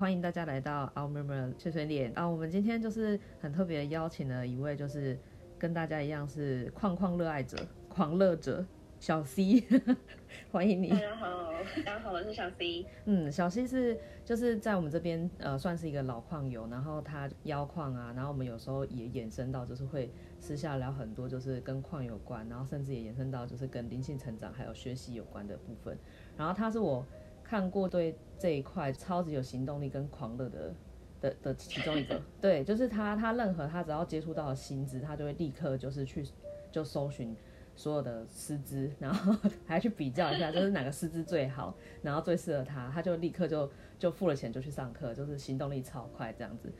歡迎大家來到 AlMurmur 碎碎念啊，uh, 我們今天就是很特別邀請了一位，就是跟大家一樣是礦礦熱愛者、狂樂者小 C， 歡迎你！大家好，大家好，我是小 C。嗯，小 C 是就是在我們這邊呃算是一個老礦友，然後他挖礦啊，然後我們有時候也衍生到就是會私下聊很多，就是跟礦有關，然後甚至也延伸到就是跟靈性成長還有學習有關的部分。然後他是我。看過對這一塊超級有行動力跟狂熱的的的其中一個，對，就是他他任何他只要接觸到的師資，他就會立刻就是去就搜尋所有的師資，然後還去比較一下，就是哪個師資最好，然後最適合他，他就立刻就就付了錢就去上課，就是行動力超快這樣子。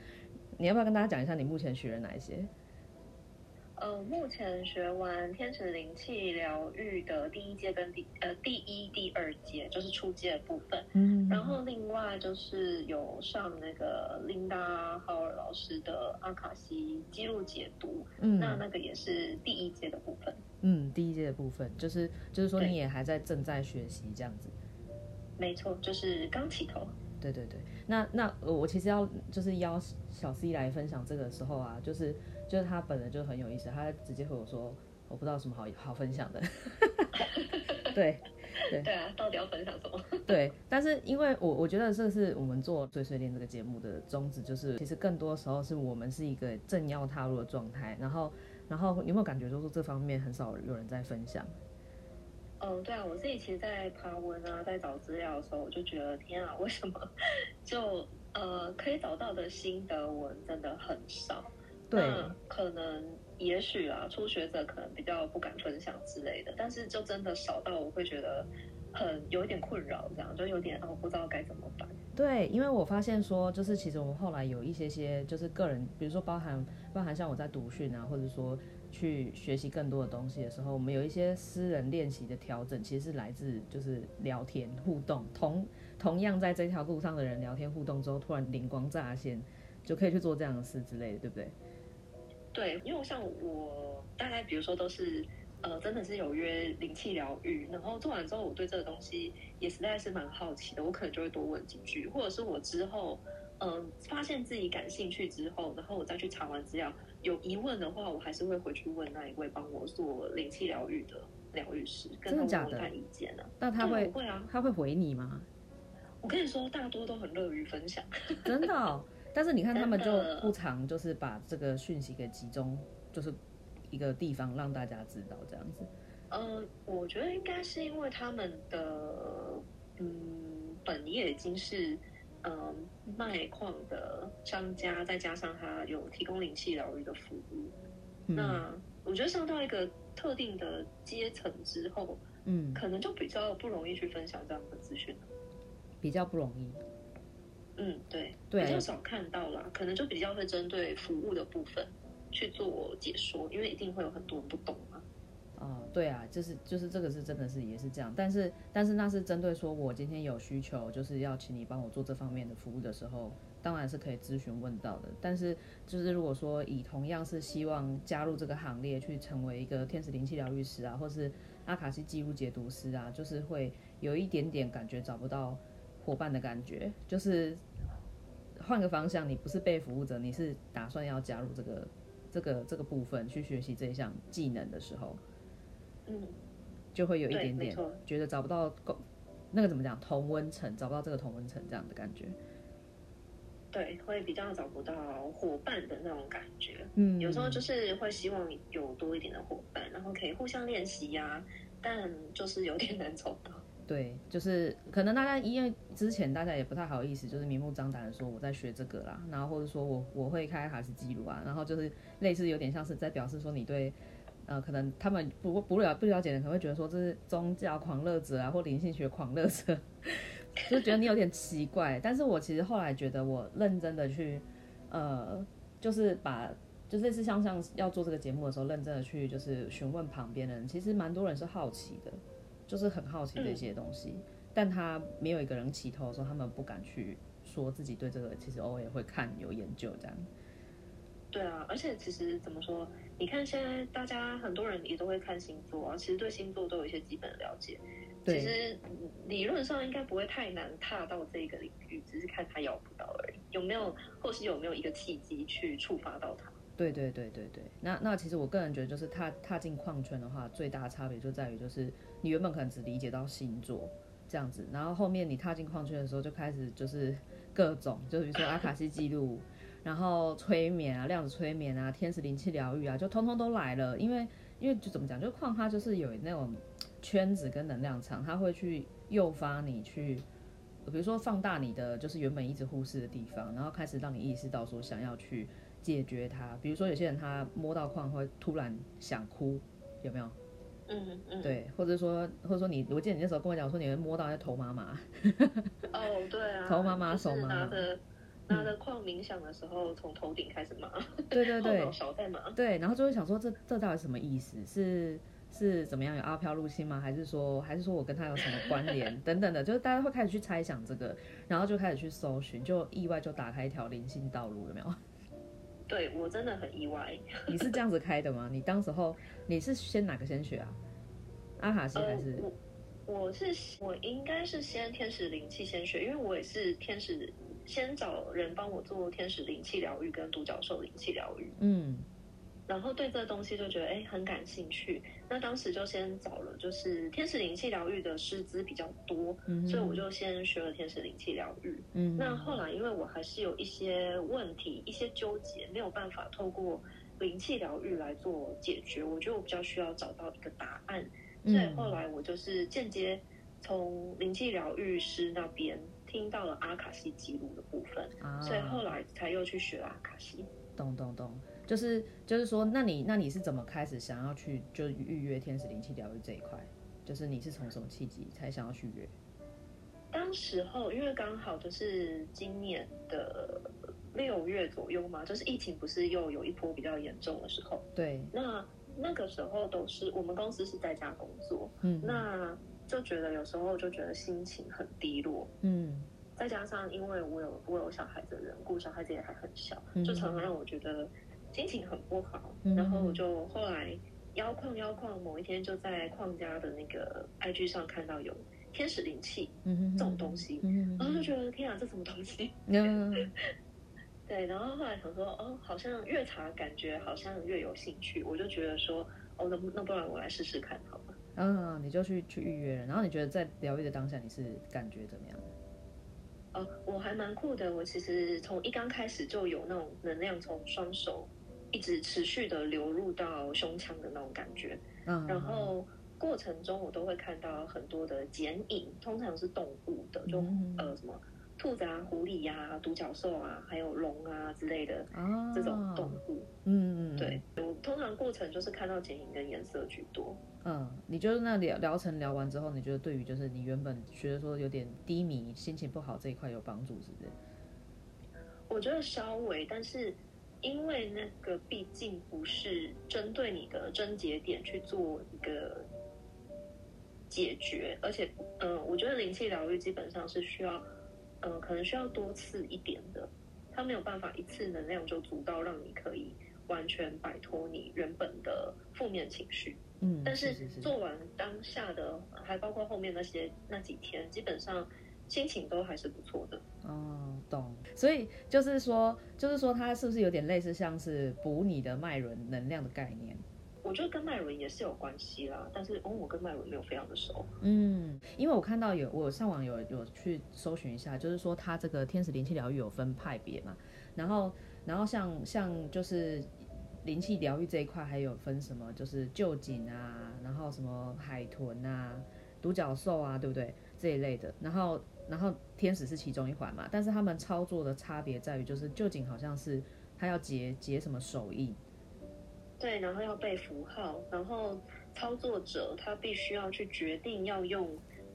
你要不要跟大家講一下你目前學了哪一些？呃，目前學完天使靈氣療癒的第一階跟第呃第一、第二階，就是初階的部分。嗯，然後另外就是有上那個琳達·浩爾老師的阿卡西記錄解讀，嗯，那那個也是第一階的部分。嗯，第一階的部分就是就是說你也還在正在學習對這樣子。沒錯，就是剛起頭。對對對，那那我其實要就是邀小 C 來分享這個時候啊，就是就是他本來就很有意思，他直接和我說，我不知道什麼好好分享的。 對對對啊，到底要分享什麼？對，但是因為我我覺得這是我們做碎碎瀲這個節目的宗旨，就是其實更多時候是我們是一個正要踏入的狀態，然後然後你有沒有感覺說，這方面很少有人在分享？嗯，oh, 對啊，我自己其實，在爬文啊，在找資料的時候，我就覺得天啊，為什麼就呃可以找到的心得文真的很少？對，呃，可能也許啊，初學者可能比較不敢分享之類的，但是就真的少到我會覺得很有一點困擾，這樣就有點哦，不知道該怎麼辦。對，因為我發現說，就是其實我們後來有一些些，就是個人，比如說包含包含像我在讀訊啊，或者說。去學習更多的東西的時候，我們有一些私人練習的調整，其實是來自就是聊天互動，同同樣在這條路上的人聊天互動之後，突然靈光乍現，就可以去做這樣的事之類的，對不對？對，因為像我，大概比如說都是呃，真的是有約靈氣療愈，然後做完之後，我對這個東西也實在是蠻好奇的，我可能就會多問幾句，或者是我之後嗯、呃，發現自己感興趣之後，然後我再去查完資料。有疑問的話，我還是會回去問那一位幫我做靈氣療癒的療癒師，真的假的？跟他們談意見那，啊、他會不對會啊？他會回你嗎？我跟你說，大多都很樂於分享。 真的哦？但是你看他們就不常就是把這個訊息給集中，就是一個地方讓大家知道這樣子。呃，我覺得應該是因為他們的嗯本業已經是。嗯，賣礦的商家，再加上他有提供靈氣療癒的服務，嗯、那我覺得上到一個特定的階層之後，嗯，可能就比較不容易去分享這樣的資訊，比較不容易。嗯，對，比較、啊、少看到了，可能就比較會針對服務的部分去做解說，因為一定會有很多人不懂嘛、啊。啊、嗯，對啊，就是就是這個是真的是也是這樣，但是但是那是針對說我今天有需求，就是要請你幫我做這方面的服務的時候，當然是可以諮詢問到的。但是就是如果說以同樣是希望加入這個行列，去成為一個天使靈氣療癒師啊，或是阿卡西記錄解讀師啊，就是會有一點點感覺找不到夥伴的感覺，就是換個方向，你不是被服務者，你是打算要加入這個這個這個部分去學習這一項技能的時候。嗯，就會有一點點覺得找不到，那個怎麼講同溫層，找不到這個同溫層這樣的感覺。對，會比較找不到夥伴的那種感覺。嗯，有時候就是會希望有多一點的夥伴，然後可以互相練習呀、啊，但就是有點難找到。對，就是可能大家因為之前大家也不太好意思，就是明目張膽地說我在學這個啦，然後或者說我我會開卡斯記錄啊，然後就是類似有點像是在表示說你對。呃，可能他們不過不了解不了解的人可能會覺得說這是宗教狂熱者啊，或靈性學狂熱者， 就覺得你有點奇怪。但是我其實後來覺得，我認真的去，呃，就是把，就是類似像像要做這個節目的時候，認真的去，就是詢問旁邊人，其實蠻多人是好奇的，就是很好奇這些東西。嗯、但他沒有一個人起頭說，他們不敢去說自己對這個，其實偶爾也會看有研究這樣。對啊，而且其實怎麼說？你看，現在大家很多人也都會看星座啊，其實對星座都有一些基本的了解。對其實理論上應該不會太難踏到這個領域，只是看他咬不到而已。有沒有，後期有沒有一個契機去觸發到他？對對對對對。那那其實我個人覺得，就是踏踏進礦圈的話，最大差別就在於，就是你原本可能只理解到星座這樣子，然後後面你踏進礦圈的時候，就開始就是各種，就比如說阿卡西記錄。 然後催眠啊，量子催眠啊，天使靈氣療癒啊，就通通都來了。因為，因為就怎麼講，就礦它就是有那種圈子跟能量場，它會去誘發你去，比如說放大你的就是原本一直忽視的地方，然後開始讓你意識到說想要去解決它。比如說有些人他摸到礦會突然想哭，有沒有？嗯嗯。嗯對，或者說或者說你，我記得你那時候跟我講說，你會摸到要頭媽媽。哦，對啊。頭媽媽手媽，媽他的框冥想的時候，從頭頂開始麻。對對對，對，然後就會想說這這到底什麼意思？是是怎麼樣有阿飄入侵嗎？還是說還是說我跟他有什麼關聯？ 等等的，就是大家會開始去猜想這個，然後就開始去搜尋，就意外就打開一條靈性道路，有沒有？對我真的很意外。 你是這樣子開的嗎？你當時候你是先哪個先學啊？阿卡西還是？呃、我，我是我應該是先天使靈氣先學，因為我也是天使。先找人幫我做天使靈氣療癒跟獨角獸靈氣療癒，嗯，然後對這東西就覺得哎、欸、很感興趣，那當時就先找了，就是天使靈氣療癒的師資比較多，嗯、哼，所以我就先學了天使靈氣療癒。嗯哼，那後來因為我還是有一些問題、一些糾結，沒有辦法透過靈氣療癒來做解決，我覺得我比較需要找到一個答案。嗯、所以後來我就是間接從靈氣療癒師那邊。聽到了阿卡西記錄的部分，啊、所以後來才又去學阿卡西。咚咚咚，就是就是說，那你那你是怎麼開始想要去就預約天使靈氣療癒這一塊？就是你是從什麼契機才想要去約？當時候因為剛好就是今年的六月左右嘛，就是疫情不是又有一波比較嚴重的時候。對。那那個時候都是我們公司是在家工作，嗯，那。就覺得有時候就覺得心情很低落，嗯，再加上因為我有我有小孩子的緣故，小孩子也還很小，嗯、哼就常常讓我覺得心情很不好。嗯、哼然後我就後來邀礦邀礦，某一天就在礦家的那個 IG 上看到有天使靈氣嗯這種東西，嗯，嗯然後就覺得天啊，這什麼東西？嗯、哼 對，然後後來想說，哦，好像越查感覺好像越有興趣，我就覺得說，哦，那不那不然我來試試看哈。後、啊、你就去去預約了。然後你覺得在療癒的當下，你是感覺怎麼樣的、啊？我還蠻酷的。我其實從一剛開始就有那種能量從雙手一直持續的流入到胸腔的那種感覺。嗯、啊，然後過程中我都會看到很多的剪影，通常是動物的，就、嗯、呃什麼。兔子啊，狐狸啊、獨角獸啊，還有龍啊之類的、啊、這種動物，嗯，嗯對，我通常過程就是看到剪影跟顏色居多。嗯，你就是那療療程聊完之後，你覺得對於就是你原本覺得說有點低迷、心情不好這一塊有幫助，是不是？我覺得稍微，但是因為那個畢竟不是針對你的症結點去做一個解決，而且，嗯、呃，我覺得靈氣療愈基本上是需要。呃，可能需要多次一點的，它沒有辦法一次能量就足夠讓你可以完全擺脫你原本的負面情緒。嗯，是是是。但是做完當下的，還包括後面那些那幾天，基本上心情都還是不錯的。哦，懂。所以就是說，就是說，它是不是有點類似像是補你的脈輪能量的概念？我覺得跟脈輪也是有關係啦，但是哦，我跟脈輪沒有非常的熟。嗯，因為我看到有我有上網有有去搜尋一下，就是說他這個天使靈氣療癒有分派別嘛，然後然後像像就是靈氣療癒這一塊還有分什麼，就是臼井啊，然後什麼海豚啊、獨角獸啊，對不對？這一類的，然後然後天使是其中一環嘛，但是他們操作的差別在於，就是臼井好像是他要結結什麼手印。對，然後要背符號，然後操作者他必須要去決定要用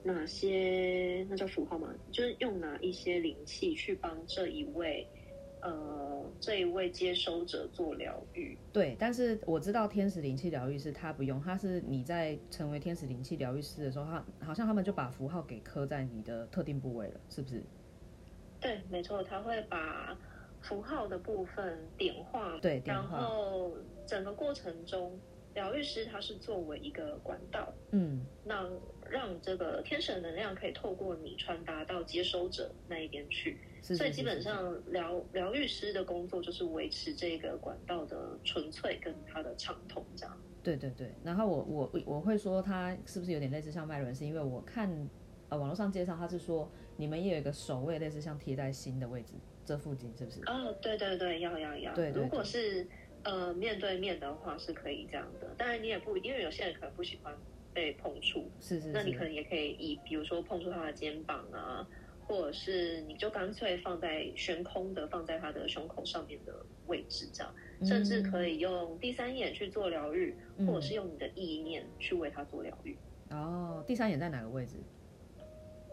哪些，那叫符號嗎？就是用哪一些靈氣去幫這一位，呃，這一位接收者做療癒。對，但是我知道天使靈氣療癒師他不用，他是你在成為天使靈氣療癒師的時候，他好像他們就把符號給刻在你的特定部位了，是不是？對，沒錯，他會把符號的部分點化，對，然後整個過程中，療癒師他是作為一個管道，嗯，那讓這個天使能量可以透過你傳達到接收者那一邊去，是是是是是，所以基本上療療癒師的工作就是維持這個管道的純粹跟它的暢通，這樣。對對對，然後我我我會說他是不是有點類似像脈輪，是因為我看呃網絡上介紹他是說你們也有一個守衛類似像貼在心的位置這附近，是不是？哦，對對對，要要要，對對對，如果是。呃，面對面的話是可以這樣的，當然你也不一定，因為有些人可能不喜歡被碰觸，是，是是，那你可能也可以以，比如說碰觸他的肩膀啊，或者是你就乾脆放在懸空的，放在他的胸口上面的位置這樣，甚至可以用第三眼去做療癒，嗯、或者是用你的意念去為他做療癒。哦，第三眼在哪個位置？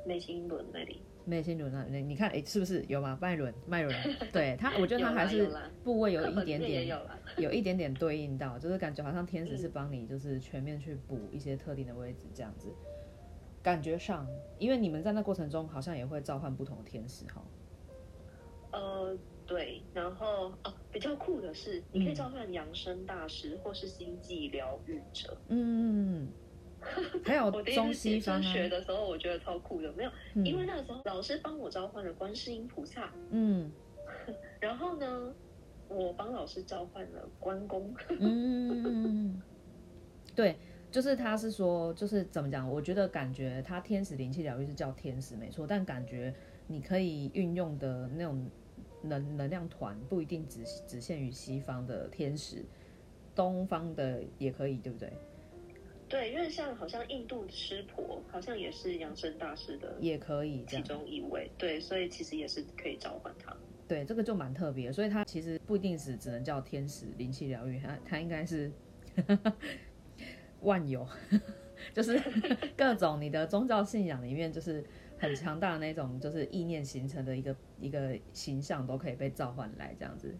眉心輪那裡。脈線輪啊，你你看誒，是不是有嗎？脈輪，脈輪，麥 對他，我覺得他還是部位有一點點，有，有，有， 有一點點對應到，就是感覺好像天使是幫你，就是全面去補一些特定的位置這樣子。嗯、感覺上，因為你們在那過程中好像也會召喚不同的天使哈。呃，對，然後哦、啊，比較酷的是，嗯、你可以召喚揚升大師或是星際療癒者。嗯。還有中西方一學的時候，我覺得超酷的，沒有，因為那個時候老師幫我召喚了觀世音菩薩，嗯，然後呢，我幫老師召喚了關公，嗯， 對，就是他是說，就是怎麼講？我覺得感覺他天使靈氣療癒是叫天使沒錯，但感覺你可以運用的那種能能量團不一定只只限於西方的天使，東方的也可以，對不對？對，因為像好像印度濕婆，好像也是揚升大師的，也可以其中一位。對，所以其實也是可以召喚他。對，這個就蠻特別，所以他其實不一定只只能叫天使靈氣療癒，他他應該是 萬有， 就是各種你的宗教信仰裡面，就是很強大的那種，就是意念形成的一個 一個形象都可以被召喚來這樣子。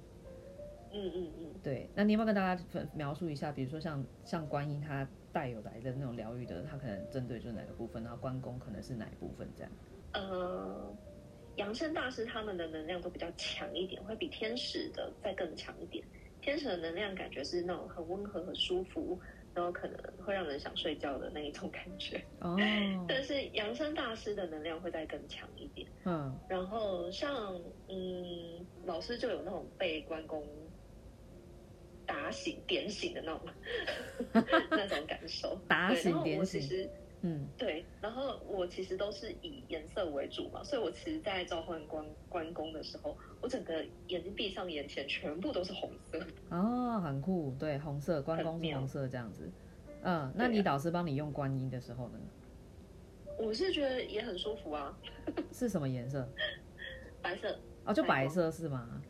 嗯嗯嗯。對，那你要不要跟大家分描述一下，比如說像像觀音，他。帶有來的那種療癒的，他可能針對就是哪個部分，然後關公可能是哪一部分這樣。呃，揚升大師他們的能量都比較強一點，會比天使的再更強一點。天使的能量感覺是那種很溫和、很舒服，然後可能會讓人想睡覺的那一種感覺。哦，但是揚升大師的能量會再更強一點。嗯，然後像嗯，老師就有那種被關公打醒、點醒的那種， 那種感受。打醒、點醒。嗯，對，然後我其實都是以顏色為主嘛，所以我其實，在召喚關關公的時候，我整個眼睛閉上，眼前全部都是紅色。哦，很酷，對，紅色，關公是紅色這樣子。綿嗯，那你導師幫你用觀音的時候呢？啊？我是覺得也很舒服啊。 是什麼顏色？白色。哦，就白色是嗎？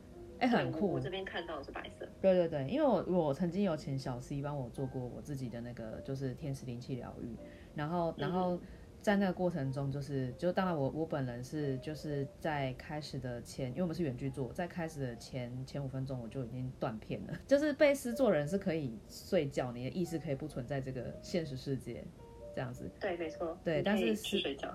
哎、欸，很酷我，我這邊看到的是白色。對對對，因為我我曾經有請小 C 幫我做過我自己的那個，就是天使靈氣療癒。然後然後在那個過程中，就是就當然我我本人是就是在開始的前，因為我們是遠距做，在開始的前前五分鐘我就已經斷片了。就是被施作人是可以睡覺，你的意識可以不存在這個現實世界。這樣子，對，沒錯，對，但是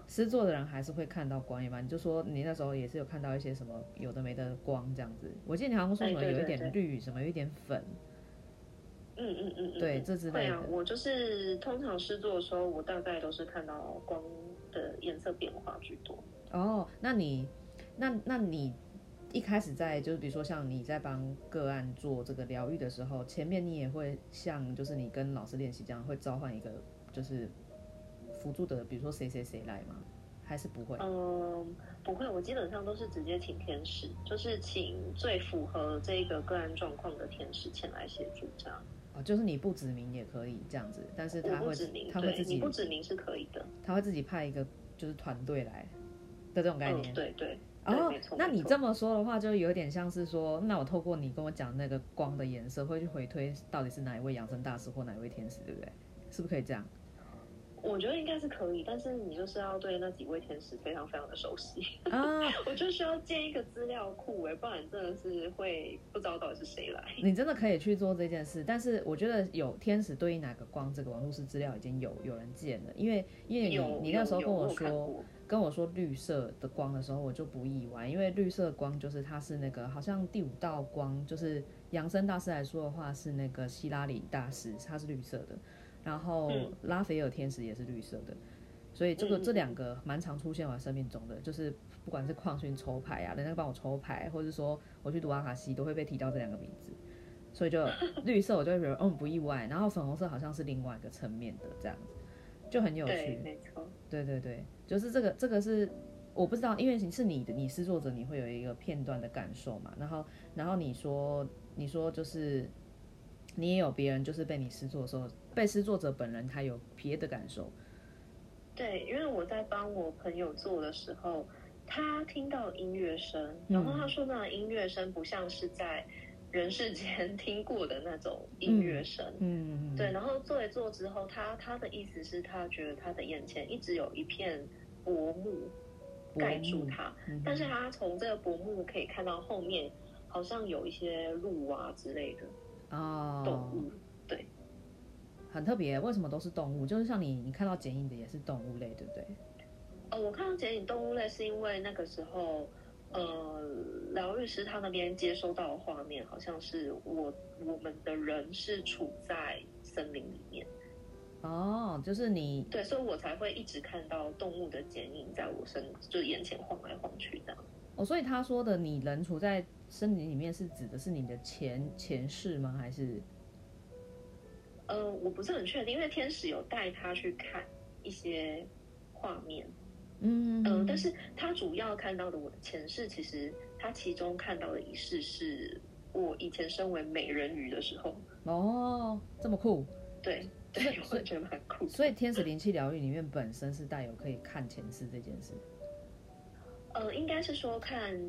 施作的人還是會看到光。一般你就說你那時候也是有看到一些什麼有的沒的光，這樣子。我記得你好像說什麼有一點綠，什麼有一點粉。嗯嗯嗯嗯，嗯嗯對，這之類的。對啊，我就是通常施作的時候，我大概都是看到光的顏色變化居多。哦，那你，那那你一開始在就是比如說像你在幫個案做這個療癒的時候，前面你也會像就是你跟老師練習這樣，會召喚一個就是，輔助的，比如說誰誰誰來嗎？還是不會？嗯、呃，不會。我基本上都是直接請天使，就是請最符合這個個案狀況的天使前來協助，這樣。哦，就是你不指名也可以這樣子，但是他會指名，他會自己，你不指名是可以的，他會自己派一個就是團隊來的這種概念。嗯、對對，然後、哦、沒錯，那你這麼說的話，就有點像是說，那我透過你跟我講那個光的顏色，會去回推到底是哪一位養生大師或哪一位天使，對不對？是不是可以這樣？我覺得應該是可以，但是你就是要對那幾位天使非常非常的熟悉。啊， 我就需要建一個資料庫哎，不然你真的是會不知道到底是誰來。你真的可以去做這件事，但是我覺得有天使對應哪個光，這個網絡是資料已經有有人建了，因為因為你有你那時候跟我說我跟我說綠色的光的時候，我就不意外，因為綠色光就是它是那個好像第五道光，就是揚升大師來說的話是那個希拉里大師，他是綠色的。然後、嗯、拉斐爾天使也是綠色的，所以這個這兩個蠻常出現我生命中的，嗯、就是不管是礦泉抽牌啊，人家幫我抽牌，或者說我去讀阿卡西都會被提到這兩個名字，所以就綠色我就會覺得嗯、 哦、不意外，然後粉紅色好像是另外一個層面的這樣子，就很有趣，沒錯對，對對對，就是這個這個是我不知道，因為你是你的你是作者，你會有一個片段的感受嘛，然後然後你說你說就是。你也有別人，就是被你施作的時候，被施作者本人他有別的感受。對，因為我在幫我朋友做的時候，他聽到音樂聲，嗯、然後他說那音樂聲不像是在人世間聽過的那種音樂聲。嗯嗯。對，然後做一做之後，他他的意思是，他覺得他的眼前一直有一片薄幕蓋住他，嗯、但是他從這個薄幕可以看到後面好像有一些路啊之類的。哦，動物對，很特別。為什麼都是動物？就是像你，你看到剪影的也是動物類，對不對？哦、呃，我看到剪影動物類是因為那個時候，呃，療癒師他那邊接收到的畫面，好像是我我們的人是處在森林裡面。哦，就是你對，所以我才會一直看到動物的剪影在我身，就眼前晃來晃去的。哦，所以他說的，你人處在。森林裡面是指的是你的前前世嗎？還是？呃，我不是很確定，因為天使有帶他去看一些畫面，嗯嗯哼、呃，但是他主要看到的我的前世，其實他其中看到的一世是我以前身為美人魚的時候。哦，這麼酷。對，對，以 我覺得蠻酷的。所以天使靈氣療癒裡面本身是帶有可以看前世這件事。呃，應該是說，看。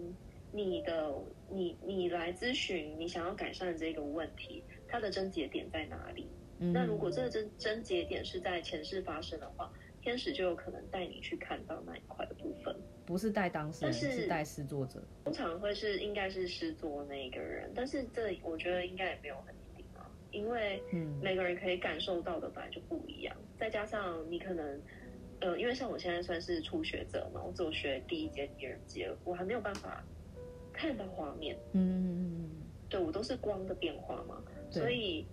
你的你你來諮詢，你想要改善的這個問題，它的症結點在哪裡？嗯、那如果這個症症結點是在前世發生的話，天使就有可能帶你去看到那一塊的部分，不是帶當事人，但是帶施作者。通常會是應該是施作那一個人，但是這我覺得應該也沒有很一定啊，因為嗯，每個人可以感受到的本來就不一樣，嗯、再加上你可能呃，因為像我現在算是初學者嘛，我只有學第一節、第二節，我還沒有辦法。看到畫面嗯，嗯，對，我都是光的變化嘛，對所以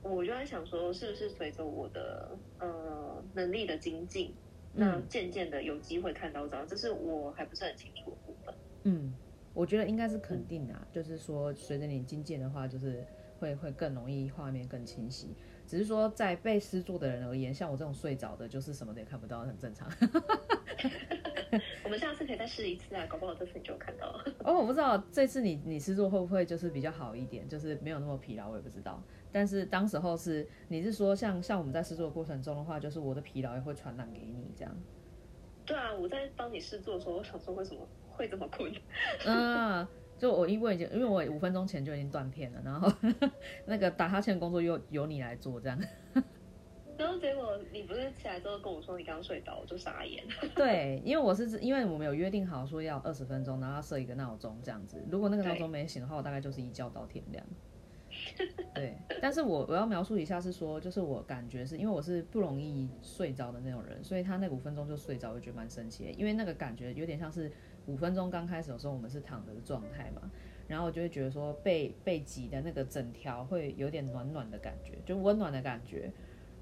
我就在想說，是不是隨着我的呃，能力的精進，那漸漸的有機會看到這樣，這是我還不是很清楚的部分。嗯，我覺得應該是肯定的，啊，嗯、就是說，隨着你精進的話，就是會會更容易，畫面更清晰。只是說在被施作的人而言，像我這種睡着的，就是什麼都也看不到，很正常。 我們下次可以再試一次啊，搞不好這次你就有看到了。哦，我不知道這次你你試做會不會就是比較好一點，就是沒有那麼疲勞，我也不知道。但是當時候是你是說像像我們在試做的過程中的話，就是我的疲勞也會傳染給你這樣。對啊，我在幫你試做的時候，我想說為什麼會這麼困。嗯、 啊，就我因為已經因為我五分鐘前就已經斷片了，然後呵呵那個打哈欠工作又由你來做這樣。然後結果你不是起來之後跟我說，你剛睡着，我就傻眼。對，因為我是因為我們有約定好說要二十分鐘，然後設一個鬧鐘這樣子。如果那個鬧鐘沒醒的話，那我大概就是一覺到天亮。對，對，但是我我要描述一下是說，就是我感覺是因為我是不容易睡着的那種人，所以他那五分鐘就睡着，我就覺得蠻神奇。因為那個感覺有點像是五分鐘剛開始的時候，我們是躺着的狀態嘛，然後就會覺得說背背脊的那個整條會有點暖暖的感覺，就溫暖的感覺。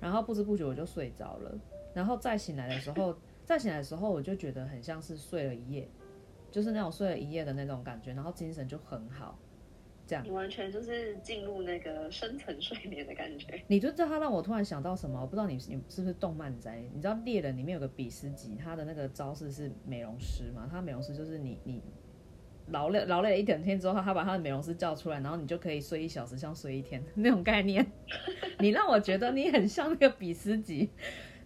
然後不知不覺我就睡着了，然後再醒來的時候， 再醒來的時候我就覺得很像是睡了一夜，就是那種睡了一夜的那種感覺，然後精神就很好，這樣。你完全就是進入那個深層睡眠的感覺。你就知道他讓我突然想到什麼？我不知道你你是不是動漫宅？你知道《獵人》裡面有個比斯吉，他的那個招式是美容師嘛？他美容師就是你你。勞累勞累了一整天之後，他把他的美容師叫出來，然後你就可以睡一小時，像睡一天那種概念。 你讓我覺得你很像那個比斯吉，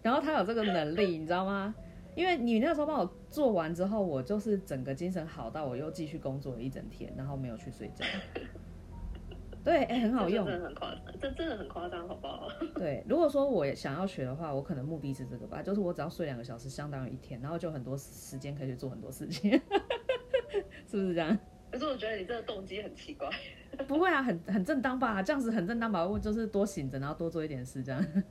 然後他有這個能力，你知道嗎？因為你那時候幫我做完之後，我就是整個精神好到我又繼續工作了一整天，然後沒有去睡覺。對，欸、很好用，很誇張，這真的很誇張，好不好？對，如果說我想要學的話，我可能目的是這個吧，就是我只要睡兩個小時，相當於一天，然後就很多時間可以去做很多事情。是不是這樣？可是我覺得你這個動機很奇怪。不會啊，很很正當吧？這樣子很正當吧？我就是多醒着，然後多做一點事，這樣。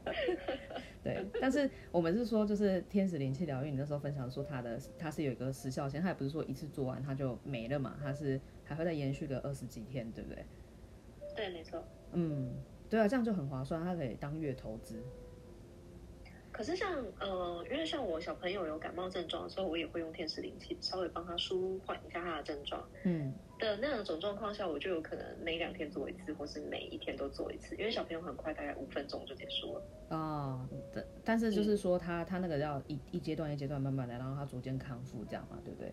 對，但是我們是說，就是天使靈氣療癒，你那時候分享說它的它是有一個時效性，它也不是說一次做完它就沒了嘛，它是還會再延續個二十幾天，對不對？對，沒錯。嗯，對啊，這樣就很划算，它可以當月投資。可是像呃，因為像我小朋友有感冒症狀的時候，我也會用天使靈氣稍微幫他舒緩一下他的症狀。嗯，的那種狀況下，我就有可能每兩天做一次，或是每一天都做一次。因為小朋友很快，大概五分鐘就結束了。哦，但但是就是說他，他、嗯、他那個要一一階段一階段慢慢來，然後他逐漸康復，這樣嘛，對不對？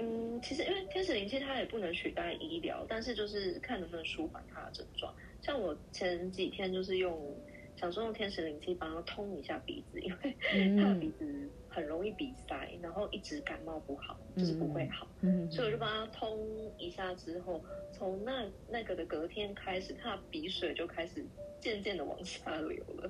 嗯，其實因為天使靈氣它也不能取代醫療，但是就是看能不能舒緩他的症狀。像我前幾天就是用。想說用天使靈氣幫他通一下鼻子，因為他的鼻子很容易鼻塞，嗯、然後一直感冒不好，就是不會好。嗯，嗯，所以我就幫他通一下之後，從那那個的隔天開始，他的鼻水就開始漸漸的往下流了。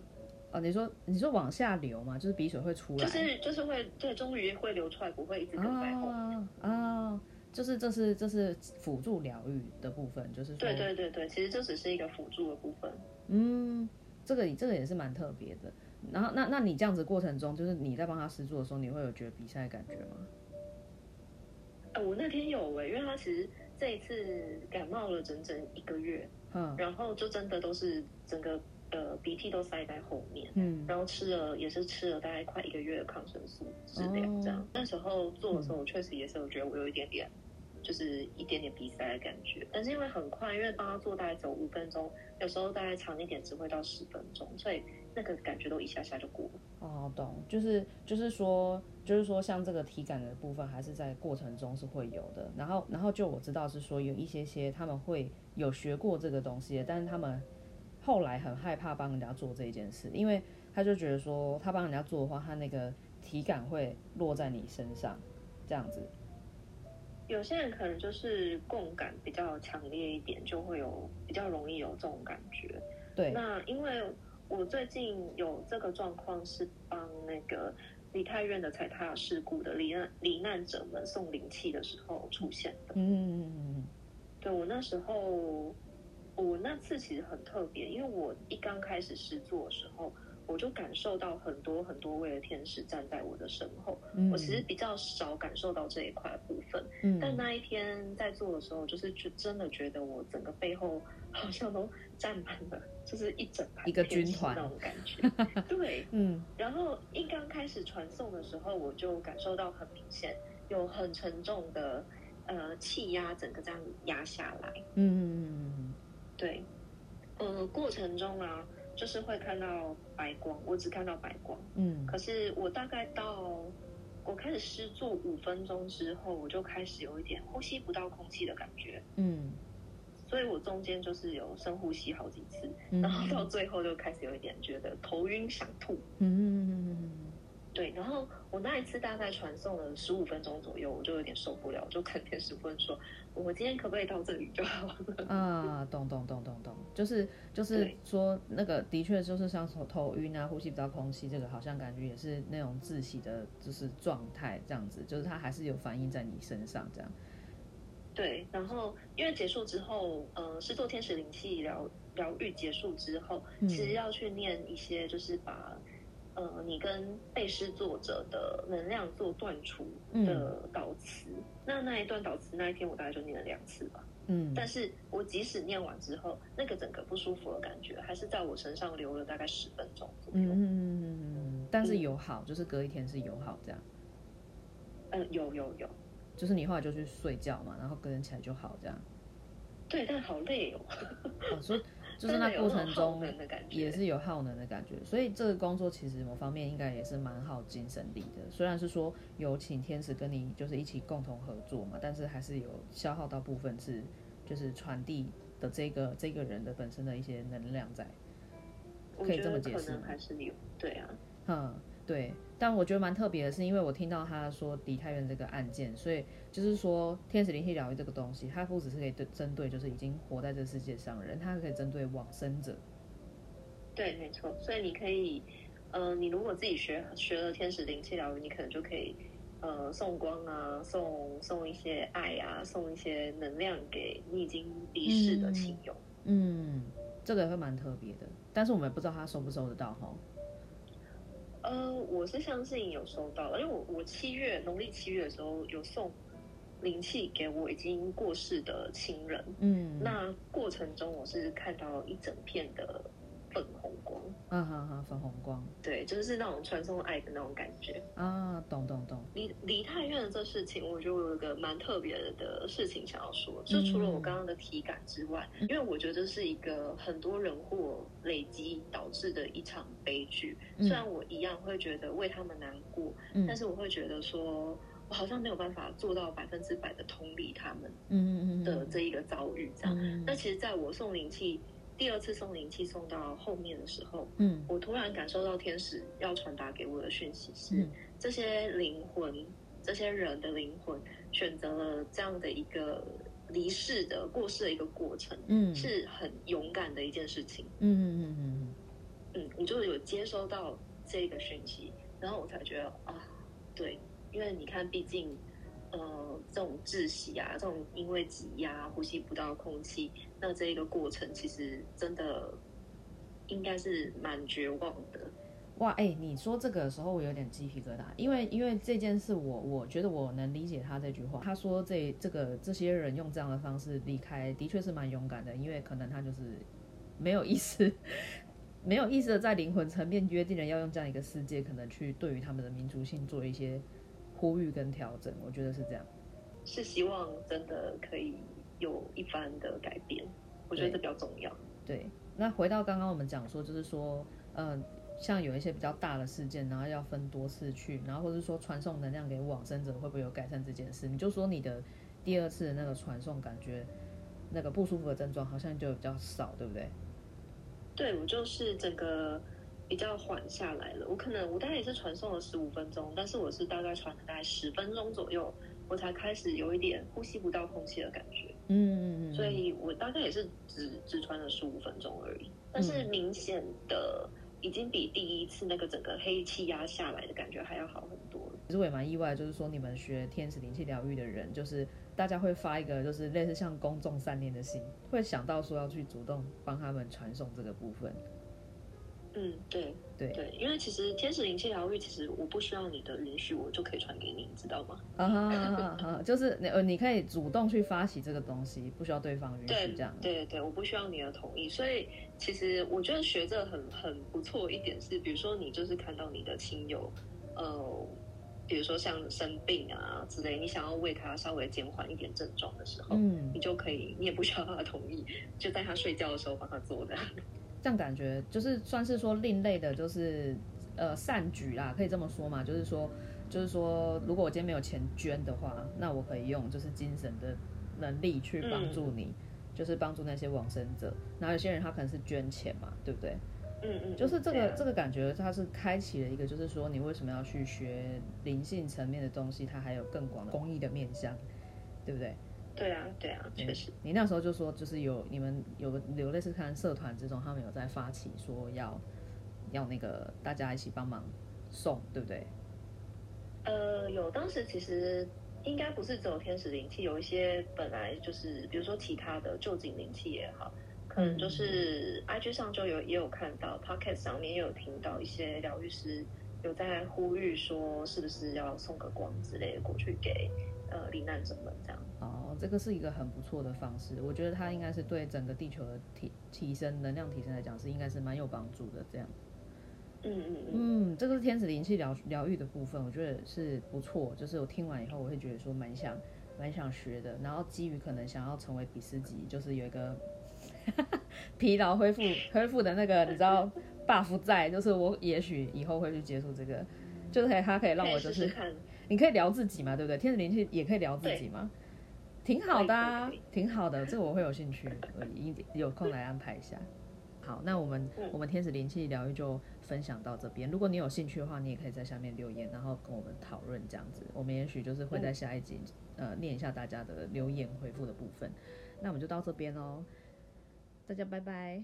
啊、哦，你說你說往下流嘛，就是鼻水會出來，就是就是會對，終於會流出來，不會一直堵塞。哦。哦啊，就是這是這，就是輔助療癒的部分，就是對對對對，其實這只是一個輔助的部分。嗯。這個這個也是蠻特別的，然後那那你這樣子過程中，就是你在幫他施作的時候，你會有覺得鼻塞的感覺嗎、呃？我那天有哎、欸，因為他其實這一次感冒了整整一個月，嗯，然後就真的都是整個呃鼻涕都塞在後面，嗯，然後吃了也是吃了大概快一個月的抗生素治療這樣，、哦、這樣那時候做的時候，我確實也是有覺得我有一點點。就是一點點鼻塞的感覺，但是因為很快，因為幫他做大概走五分鐘，有時候大概長一點只會到十分鐘，所以那個感覺都一下下就過了。哦，懂，就是就是說就是說像這個體感的部分，還是在過程中是會有的。然後然後就我知道是說有一些些他們會有學過這個東西，但是他們後來很害怕幫人家做這件事，因為他就覺得說他幫人家做的話，他那個體感會落在你身上，這樣子。有些人可能就是共感比較強烈一點，就會有比較容易有這種感覺。對，那因為我最近有這個狀況，是幫那個梨泰院的踩踏事故的罹難罹難者們送靈氣的時候出現的。嗯嗯，嗯，嗯對我那時候，我那次其實很特別，因為我一剛開始試做的時候。我就感受到很多很多位的天使站在我的身後，嗯、我其實比較少感受到這一塊部分，嗯、但那一天在做的時候，就是就真的覺得我整個背後好像都站滿了，就是一整排一個軍團那種感覺， 對，嗯，然後一剛開始傳送的時候，我就感受到很明顯有很沉重的呃氣壓，整個這樣壓下來，嗯，嗯，嗯，嗯，對，呃，過程中啊。就是會看到白光，我只看到白光。嗯，可是我大概到我開始施坐五分鐘之後，我就開始有一點呼吸不到空氣的感覺。嗯，所以我中間就是有深呼吸好幾次，嗯、然後到最後就開始有一點覺得頭暈、想吐。嗯。對，然後我那一次大概傳送了十五分鐘左右，我就有點受不了，就看天使問說：“我今天可不可以到這裡就好了？”啊，咚咚咚咚咚，就是就是說對那個的確就是像頭頭暈啊，呼吸不到空氣這，這個好像感覺也是那種窒息的，就是狀態這樣子，就是它還是有反應，在你身上這樣。對，然後因為結束之後，呃，是做天使靈氣療療癒結束之後，其實要去念一些，就是把。嗯呃，你跟被施作者的能量做斷除的導詞，嗯、那那一段導詞，那一天我大概就念了兩次吧。嗯，但是我即使念完之後，那個整個不舒服的感覺還是在我身上留了大概十分鐘左右。嗯，嗯，嗯，但是有好，嗯、就是隔一天是有好這樣。嗯、呃，有有有，有就是你後來就去睡覺嘛，然後隔天起來就好這樣。對，但好累哦。 哦所以。就是那過程中也是有耗能的感覺，所以這個工作其實某方面應該也是蠻耗精神力的。雖然是說有請天使跟你就是一起共同合作嘛，但是還是有消耗到部分是就是傳遞的這個這個人的本身的一些能量在。可以這麼解釋，我覺得可能還是有，對啊，嗯。對，但我覺得蠻特別的是，因為我聽到他說梨泰院這個案件，所以就是說天使靈氣療癒這個東西，它不只是可以對針對就是已經活在這個世界上的人，它可以針對往生者。對，沒錯。所以你可以，呃，你如果自己學學了天使靈氣療癒，你可能就可以，呃，送光啊，送送一些愛啊，送一些能量給你已經離世的親友，嗯。嗯，這個也會蠻特別的，但是我們也不知道他收不收得到哈。呃，我是相信有收到了，因為我我七月農曆七月的時候有送靈氣給我已經過世的親人，嗯，那過程中我是看到一整片的。粉紅光、啊，粉紅光，對，就是那種傳送愛的那種感覺啊，懂懂懂。梨泰院的這事情，我就有一個蠻特別的事情想要說，嗯、就除了我剛剛的體感之外，因為我覺得這是一個很多人禍累積導致的一場悲劇。雖然我一樣會覺得為他們難過，嗯、但是我會覺得說我好像沒有辦法做到百分之百的同理他們，嗯嗯的這一個遭遇這樣。那、嗯嗯嗯、其實，在我送靈氣。第二次送靈氣送到後面的時候，嗯，我突然感受到天使要傳達給我的訊息是：嗯、這些靈魂，這些人的靈魂，選擇了這樣的一個離世的過世的一個過程，嗯，是很勇敢的一件事情，嗯嗯嗯嗯嗯，嗯，我就有接收到這個訊息，然後我才覺得啊，對，因為你看，畢竟。呃，這種窒息啊，這種因為擠壓呼吸不到空氣，那這一個過程其實真的應該是蠻絕望的。哇，哎、欸，你說這個時候我有點雞皮疙瘩，因為因為這件事我，我我覺得我能理解他這句話。他說這這個這些人用這樣的方式離開，的確是蠻勇敢的，因為可能他就是沒有意思、 沒有意識的在靈魂層面約定了要用這樣一個世界，可能去對於他們的民族性做一些。呼籲跟調整，我覺得是這樣，是希望真的可以有一番的改變，我覺得這比較重要。對，對，那回到剛剛我們講說，就是說，嗯、呃，像有一些比較大的事件，然後要分多次去，然後或是說傳送能量給往生者，會不會有改善這件事？你就說你的第二次的那個傳送，感覺那個不舒服的症狀好像就比較少，對不對？對，我就是整個。比較緩下來了，我可能我大概也是傳送了十五分鐘，但是我是大概傳了大概十分鐘左右，我才開始有一點呼吸不到空氣的感覺，嗯，所以我大概也是只只傳了十五分鐘而已，但是明顯的已經比第一次那個整個黑氣壓下來的感覺還要好很多了。嗯嗯、其實我也蠻意外，就是說你們學天使靈氣療癒的人，就是大家會發一個就是類似像公眾善念的心，會想到說要去主動幫他們傳送這個部分。嗯，對對對，對，因為其實天使靈氣療癒，其實我不需要你的允許，我就可以傳給你，你知道嗎？啊哈， 啊哈就是你呃，你可以主動去發起這個東西，不需要對方允許這樣。對對對，我不需要你的同意，所以其實我覺得學這很很不錯一點是，比如說你就是看到你的親友，呃，比如說像生病啊之類，你想要為他稍微減緩一點症狀的時候，嗯，你就可以，你也不需要他的同意，就在他睡覺的時候幫他做的。這樣感覺就是算是說另類的，就是呃善舉啦，可以這麼說嘛。就是說，就是說，如果我今天沒有錢捐的話，那我可以用就是精神的能力去幫助你，嗯、就是幫助那些往生者。然後有些人他可能是捐錢嘛，對不對？嗯嗯，就是這個這個感覺，它是開啟了一個，就是說你為什麼要去學靈性層面的東西？它還有更廣的公益的面向，對不對？對啊，對啊，確實。你，你那時候就說，就是有你們有有，有類似看社團之中，他們有在發起說要要那個大家一起幫忙送，對不對？呃，有，當時其實應該不是只有天使靈氣，有一些本來就是，比如說其他的臼井靈氣也好，嗯、可能就是 IG 上就有也有看到 Podcast 上面也有聽到一些療癒師，有在呼籲說，是不是要送個光之類的過去給呃罹難者們這樣？哦，這個是一個很不錯的方式，我覺得它應該是對整個地球的提提升能量提升來講是應該是蠻有幫助的這樣。嗯嗯嗯。嗯，這個是天使靈氣療療癒的部分，我覺得是不錯。就是我聽完以後，我會覺得說蠻想蠻想學的。然後基於可能想要成為比斯吉，就是有一個 疲勞恢復恢復的那個， 你知道？buff 在就是我也許以後會去接觸這個，嗯、就是他可以讓我就是，試試看你可以聊自己嘛，對不對？天使靈氣也可以聊自己嘛，對挺好的、啊，挺好的，這個我會有興趣，一 有空來安排一下。好，那我們、嗯、我們天使靈氣療癒就分享到這邊。如果你有興趣的話，你也可以在下面留言，然後跟我們討論這樣子。我們也許就是會在下一集、嗯、呃念一下大家的留言回復的部分。那我們就到這邊哦，大家拜拜。